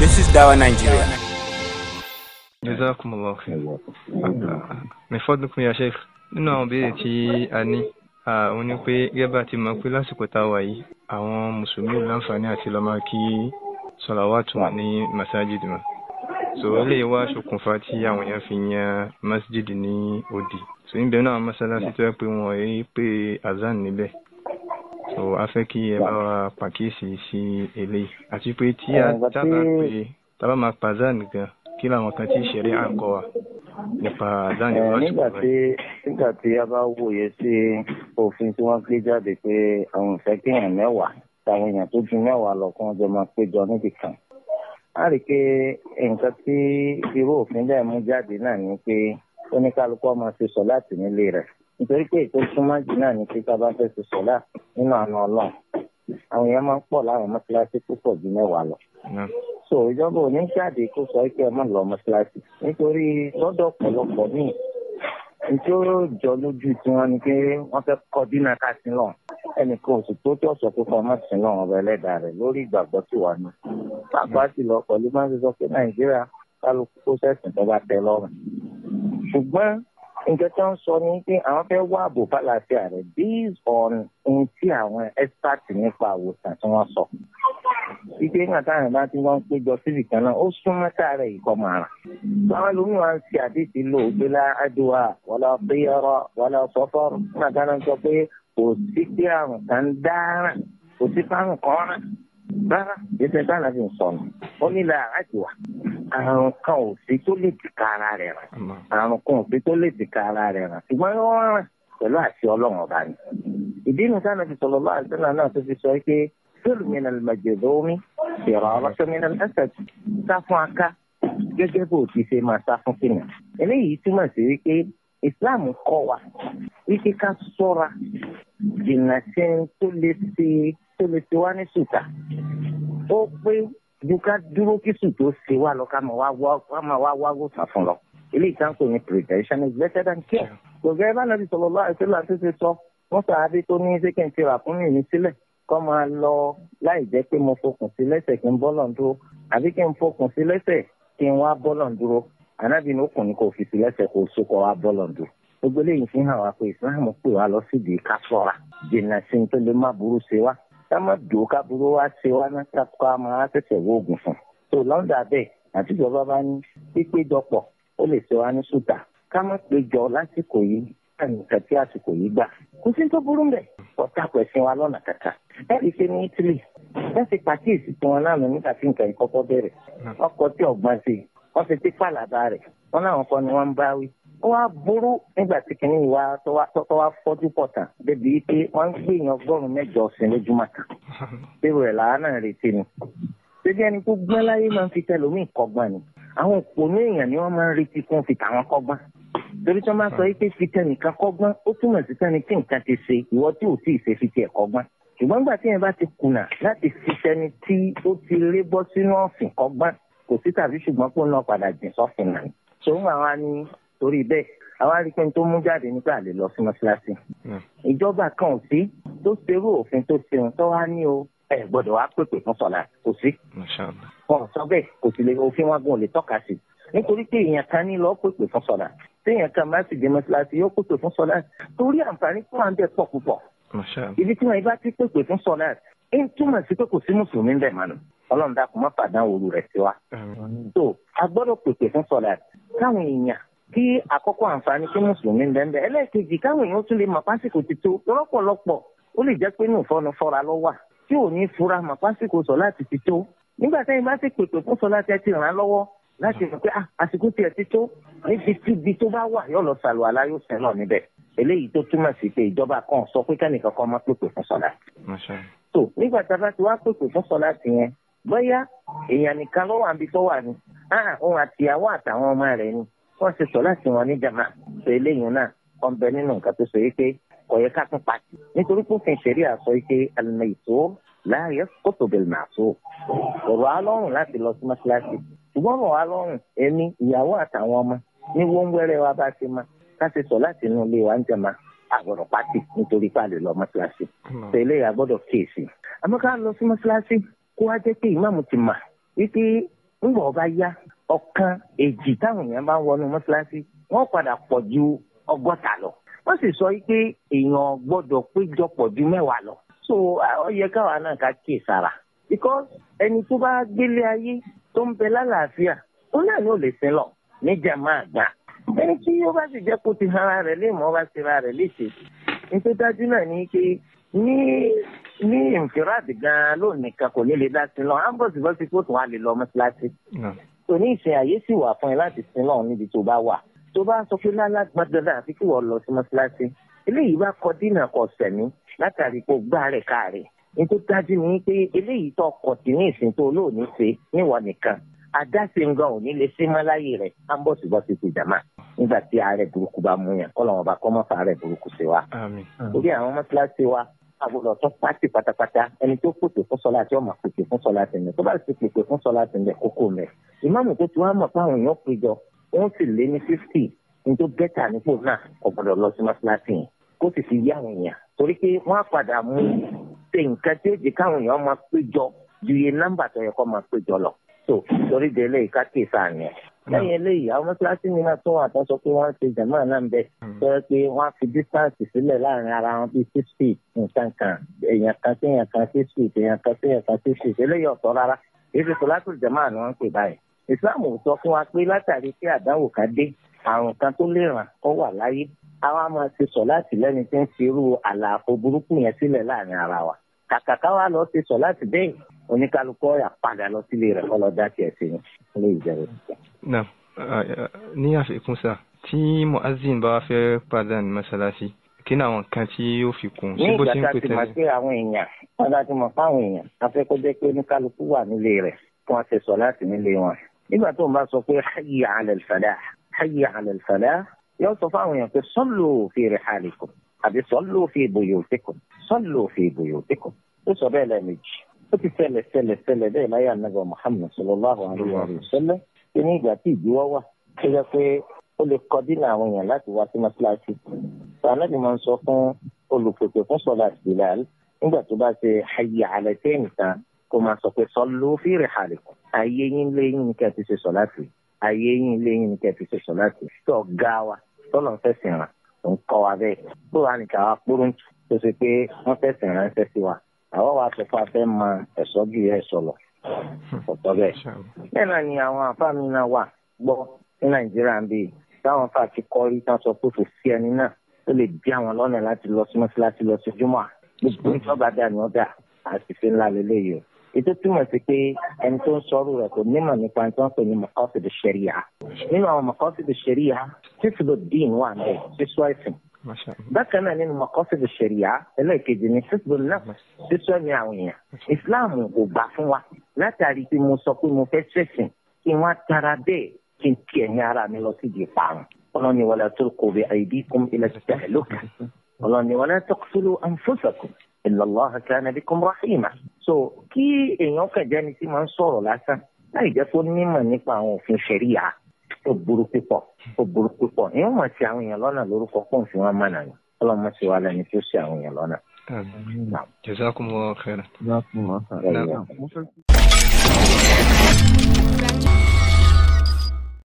This is Dawa Nigeria. jazakum allah mẹfọdún kun ya sheikh nínú àwọn ìbéèrè tí a ní àwọn ni pé gẹ́gẹ́ ti mọ̀ pé lásìkò tá a wà yìí àwọn mùsùlùmí ò láǹfààní àti lọ máa kí sọ̀làwátù ní masajid mọ́ so ilé wa ṣokùnfà tí àwọn èèyàn fi yan masjid ní òdì so níbẹ̀ náà mọ́sálásí tó yẹ pé wọ́n rí pé azan níbẹ̀ so a fẹ́ kí ẹ bá wa pàkíyèsí sí eléyìí àti pé tí a dábàá pé tábà máa pa zan gan kí làwọn kan tí ìṣẹ̀rí à ń kọ́ wa nípa zan yìí lọ́sùn báyìí. nígbà tí a bá wòye sí òfin tí wọ́n gbé jáde pé àwọn ìfẹ́ kéèyàn mẹ́wàá táwọn èèyàn tó ju mẹ́wàá lọ kí wọ́n jọ máa péjọ níbì kan a rí i pé nǹkan tí irú òfin bẹ́ẹ̀ mú jáde náà ni pé oníkálukú máa ṣe sọ láti nílé rẹ̀ nítorí pé ètò súnmọ́ jù náà ni pé sábà fẹ́ ṣe sọ̀lá nínú àna ọlọ́run àwọn èèyàn máa ń pọ̀ láwọn mọ́ṣáláṣí púpọ̀ ju mẹ́wàá lọ. so ìjọba òní jáde kó sọ pé ẹ má lọ mọ́ṣáláṣí nítorí lọ́dọ̀ ọ̀pọ̀lọpọ̀ míì nítí ó jọ lójú tí wọ́n ní pé wọ́n fẹ́ kọ́ dínà ká sí náà ẹnìkan oṣù tó tí ọ̀sọ̀ pé kọ́ mọ́sìn náà ọba ẹlẹ́dàá rẹ̀ lórí ìgbàgbọ́ tí wà ní. pàápàá sì lọ pẹ̀lú máa ń sọ pé nàìjíríà kálukú kó sẹ̀sìn tó bá tẹ lọ́rùn. ṣùgbọ́n nǹkan tó ń sọ ni pé àwọn fẹ́ wá ààbò fàlàáfíà rẹ̀ based on ohun tí àwọn expert nípa àwòsàn tí wọ́n sọ. Ìgbé náà táwọn ìbá tí wọ́n ń péjọ síbì kan náà ó súnmọ́ sáàrẹ̀ ìkọ́ máa rà. Báwọn ẹlòmíì wá ń ṣe àdéhùn lò ó gbélá àdúrà wọlé ọ̀pẹ ọ̀rọ̀ wọlé ọ̀sọ́fọ́ nígbà táwọn ń sọ pé kò sí pé àrùn kan dáràn kò sí pé àrùn kan rà. Rárá, ìṣẹ̀dá àrùn kan ò sí tó lè dìka ara rẹ̀ ràn àrùn kan ò sí tó lè dìka ara rẹ̀ ràn ṣùgbọ́n wọ́n ràn pẹ̀lú àṣẹ ọlọ́run ọba ni. ìdí inú sáà nàbì sọ̀rọ̀ lọ́wọ́ àṣẹ náà tó fi sọ pé fílù mi nà lùmọ̀jẹ̀ lómi ìrọ̀ ọlọ́sọ mi nà lẹ́sẹ̀ sá fún aká gẹ́gẹ́ bó ti ṣe máa sá fún kìnìún. eléyìí túmọ̀ sí wípé Islam kọ́ wa wípé ká sọ́ra jìnnà sí tó lè ṣe wá ní sùtà ó pé ju ká dúró kí sùn tó ṣe wá lọ ká máa wá wá ká máa wá wá wòsàn fún lọ eléyìí tá à ń pè ní prevention is better than care kò gẹ́gẹ́ bá nàbì sọ̀rọ̀ lọ́wọ́ àti láti ṣe sọ wọ́n sọ àbí tó ní ṣé kí n ti rà fún mi sílẹ̀ kọ́ máa lọ láì jẹ́ pé mo fokùn sí lẹ́sẹ̀ kí n bọ́ lọ́n dúró àbí kí n fokùn sí lẹ́sẹ̀ kí n wá bọ́ lọ́n dúró ànábì ní okùn ni kò fi sí lẹ́sẹ̀ kó so kọ́ wá bọ́ lọ́n dúró gbogbo eléyìí fi hàn wá pé ìsìláàmù pè wá lọ sídìí ká ṣọ́ra jìnnà sí ní tó lè má burú ṣe wá ká má dòó kábúrò wá ṣe wá ná kápá máa ṣẹ̀ṣẹ̀ wóògùn fún tó lọ́ńdà bẹ́ẹ̀ àti ìjọba bá ní pípéjọpọ̀ ó lè ṣe wá ní ṣùtà ká má péjọ lásìkò yìí nǹkan tí àsìkò yìí gbà kò sí tó burú mbẹ ọ̀tá pẹ̀sìn wa lọ́nà kàkà láti ṣe ní Italy wọ́n ti pàkíyèsí tí wọn lánàá nígbà tí nǹkan ìkọ́kọ́ bẹ̀rẹ̀ ọkọ̀ tí ọ̀gbọ́n ṣe wọ́n ti ti pàlàbà rẹ̀ wọ́n láwọn kan ni wọ́n ń bá ó wá burú nígbà tí kìnní ìwà tó wá fọ́jú pọ̀ tán débi pé wọ́n ń gbé èèyàn ọgọ́rùn-ún mẹ́jọ sí lójúmọ́ kan bírò rẹ̀ làánà retí ni ṣébí ẹni tó gbọ́n láyé máa ń fi tẹlómi kọ́gbọ́n ni àwọn òpònú èèyàn ni wọ́n máa ń retí kún fi tàwọn kọ́gbọ́n torí tí wọ́n máa sọ pé fi tẹnìkan kọ́gbọ́n ó túmọ̀ sí tẹni tí nǹkan ti ṣe ìwọ tí ò tí ì ṣe fi tiẹ̀ kọ́gbọ́n ṣùgbọ́n gbà tí yẹn bá ti kùnà láti fi tẹni tí ó ti lé bọ́ sínú ọ̀fìn kọ́gbọ́n kò sí tàbí ṣùgbọ́n pé ó padà jìn sọ́fìn náà ṣòun àwọn á torí bẹ́ẹ̀ àwa rí pé n tó mú jáde nígbà lè lọ sí mọ́ṣáláṣí. Hmm. ìjọba kan ò sí tó ṣerú òfin tó ṣeun tó wá ní o ẹ gbọ́dọ̀ wá pèpè fún sọlá kò sí. wọn ò sọ bẹ́ẹ̀ kò sì lè òfin wọn gan ò lè tọ́ka sí nítorí pé èèyàn kan ní lọ pèpè fún sọlá téèyàn kan bá sì dé mọ́ṣáláṣí yóò pèpè fún sọlá torí àǹfààní tó wà pọ̀ púpọ̀. ibi tí wọn bá ti pèpè fún sọlá ń túmọ̀ sí pé kò sí mùsùlùmí bẹ̀ mọ́nu ọlọ́run dákun má pàdánù òru rẹ̀ sí wa. tó a gbọ́dọ̀ pèpè fún sọlá káwọn èèyàn kí àkọ́kọ́ àǹfààní kí mùsùlùmí ń bẹ́ẹ̀ ẹlẹ́ẹ̀kejì káwọn èèyàn tún lè mọ̀ pásìkò ti tó lọ́pọ̀lọpọ̀ ó lè jẹ́ pé nù fọ́nu fọ́ra ló tí ò ní fura mọ̀ pásìkò sọ láti ti tó nígbà tẹ́yìn bá sì pèpè fún sọ láti ẹ ti ràn án lọ́wọ́ láti mọ̀ pé ah, àsìkò tiẹ̀ ti tó níbi tíbi tó bá wà yóò lọ sàlùwàlá yóò sẹ́ náà níbẹ̀ eléyìí tó túmọ̀ sí pé ìjọba kan sọ pé kẹ́nìkan kan máa pèpè fún sọ̀lá. tó nígbà tá ni ah, wọ́n ṣe sọ láti wọn ní jama sọ eléyìí náà wọ́n bẹ nínú nǹkan tó sọ yìí pé kò yẹ ká tún pàṣẹ nítorí pófin ṣẹ̀rí àsọ yìí pé al-maysūr lā yasqutu bil-ma'sūr ọ̀rọ̀ alọ́run láti lọ sí mọ́ṣáláṣí ṣùgbọ́n ọ̀rọ̀ alọ́run èmi ìyàwó àtàwọn ọmọ ní wọ́n wẹ́rẹ́ wa bá ṣe ma ká ṣe sọ láti inú ilé wa ń jama àgbọ̀dọ̀ pàṣẹ nítorí pàlè lọ mọ́ṣáláṣí sọ hmm. àgbọ̀dọ̀ kíyèsí àmọ́ ká lọ sí mọ́ṣáláṣí kó wá jẹ́ pé ìmáàmù ti mà wípé ńgbọ̀ ọ̀kan èjì táwọn èèyàn bá ń wọnú mọ́ṣáláṣí wọ́n padà pọ̀ ju ọgọ́ta lọ wọ́n sì sọ pé èèyàn gbọ́dọ̀ péjọ pọ̀ ju mẹ́wàá lọ so ó yẹ káwa náà ká kíyè sára because ẹni tó bá gbélé ayé tó ń bẹ lálàáfíà òun náà ni ò lè sin lọ níjàmá àgbà ẹni tí ó bá sì jẹ́ kó ti hara rẹ̀ lè mọ́ bá ti ra rẹ̀ léṣe nítorí dájú náà ni pé ní ní ìfìràdì gan-an lónìí kan kò ní lè dá sí lọ ambos bọ́sí kó tún wá lè lọ mọ́ṣáláṣí so ní ìsìn àyè sì wà fún ẹ láti sin lọ́run níbi tó bá wà tó bá ń sọ pé lálá gbọ́dọ̀dọ̀ àfi kí wọ́n lọ sí mọ́ṣáláṣí eléyìí bá kọ dínà kọ sẹ̀mí látàrí pé gbá rẹ̀ káàrẹ̀ ní tó dájú ni pé eléyìí tó kọ̀ sí ní ìsìn tó olóòní ṣe níwọ̀ nìkan àdáṣe ń gan òní lè sí mọ́láyè rẹ̀ á ń bọ̀ sí bọ́sí ti jàmá nígbà tí àárẹ̀ burúkú bá mú yàn kọ́ àgbọ̀dọ̀ tó pàṣẹ pátápátá ẹni tó pèpè fún sọlá tí ó máa pèpè fún sọlá tì mẹ tó bá sì pèpè fún sọlá tì mẹ kókó mẹ ìmáàmù tó ti wá mọ̀ fáwọn èèyàn péjọ wọ́n sì lé ní fífítì ní tó bẹ́tà nípò náà ọ̀gbọ̀dọ̀ lọ sí mọ́ṣáláṣí yẹn kó sì fi yá àwọn èèyàn torí pé wọ́n á padà mú ṣe nǹkan tí ó jẹ́ káwọn èèyàn máa péjọ ju iye nọ́mbà tó yẹ kó máa péjọ lọ so torí délé ìkákè sáà yẹn lẹ́yìn eléyìí àwọn mọ́ṣáláṣí mi náà tún wà tán sọ pé wọ́n ń ṣe jàmá náà ń bẹ hmm. tó yẹ pé wọ́n á fi distance sílẹ̀ láàrin ara wọn bíi six feet nǹkan kan èèyàn kan sí èèyàn kan six feet èèyàn kan ni wọ́n ń pè báyìí ìsìláàmù sọ fún wa pé látàrí pé àdánwò kan dé àrùn kan tó lè ràn kó wà láyé àwa máa ṣe sọ láti lẹ́ni tí ń oníkálukọ́ àpàdà lọ sílé rẹ̀ kọ́ lọ dá tiẹ̀ sí ilé ìjẹ̀rẹ̀. náà ní àfikún sáà tí muazzin bá fẹ́ padà ní mọ́ṣáláṣí kí ni àwọn kan tí yóò fi kún sí bó ti ń pè tẹ́lẹ̀. ní ìgbà tá a ti mọ̀ pé àwọn èèyàn wọ́n dá ti mọ̀ fáwọn èèyàn a fẹ́ kó jẹ́ pé oníkálukú wà nílé rẹ̀ kí wọ́n sọ láti nílé wọn. nígbà tó ń bá sọ pé hayya ala al-falah yóò sọ fáwọn èèyàn pé sallu fi rihalikum àbí sallu fi buyutikum sallu fi buyutikum ó sọ bẹ́ẹ̀ lẹ́ẹ̀mejì ó ti ṣẹlẹ̀ ṣẹlẹ̀ ṣẹlẹ̀ bẹ́ẹ̀ láyé ànágbà Muhammad sallallahu alayhi wa sallam pé ní ìgbà tí ìdíwọ́ wà tó yẹ pé ó lè kọ dínà àwọn èèyàn láti wá sí mọ́ṣáláṣí sànàbì máa ń sọ fún olùpèpè fún sọlá Bilal nígbà tó bá ṣe hayya ala tayn tán kó máa sọ pé sallu fi rihalikum ayé yín léyìn ní kẹ́ẹ̀ fi ṣe sọ láti ayé yín léyìn ní kẹ́ẹ̀ fi ṣe sọ láti tó ga wa tó àwọn wa sọ fún afẹ́ mọ ẹ̀sọ́ ju ẹ̀ sọ̀lọ̀ ọ̀tọ̀ hmm. bẹ́ẹ̀. bẹ́ẹ̀ náà ni àwọn àfáàmì náà wà gbọ́ ní nàìjíríà ń bíi táwọn fà ti kọ́rí tán sọ pé kò sí ẹni náà tó lè bí àwọn lọ́nà láti lọ sí mọ́síláṣí lọ sí júmọ́ gbogbo hmm. ìjọba dà ní ọ̀dà àṣìṣe ńlá lélẹ́yìí o ètò túmọ̀ sí pé ẹni tó ń sọ̀rọ̀ rẹ̀ kò nímọ̀ nípa ẹni tó ń pè ní mọ̀kọ́sìdì ṣẹ̀ríyà nínú àwọn mọ̀kọ́sìdì ṣẹ̀ríyà tíṣìlódìín wà ń bẹ̀ bákan náà nínú maqasid ash-sharia ẹlẹ́ẹ̀kejì ní hizbun nafs sísọ ní àwọn èèyàn islam kò gbà fún wa látàrí pé mo sọ pé mo fẹ́ ṣẹ̀sìn kí wọ́n tara bẹ́ẹ̀ kí n kí ẹ̀yin ara mi lọ sídìí ìparun ọlọ́ni wala tulqu bi aydikum ila tahluka ọlọ́ni wala taqtulu anfusakum inna Allaha kana bikum rahima. so kí èèyàn kàn jẹ́ni tí máa ń sọ̀rọ̀ lásán láì jẹ́ kó nímọ̀ nípa àwọn òfin ṣẹ̀ríyà tó burú pípọ̀ tó burú pípọ̀ ìyẹn mọ̀ sí àwọn èèyàn lọ́nà lórúkọ pọ̀ fún wọn mọ̀nà ni ọlọ́mọ sí wa lẹ́ni tó sí àwọn èèyàn lọ́nà. jazakumullahu khairan. jazakumullahu khairan.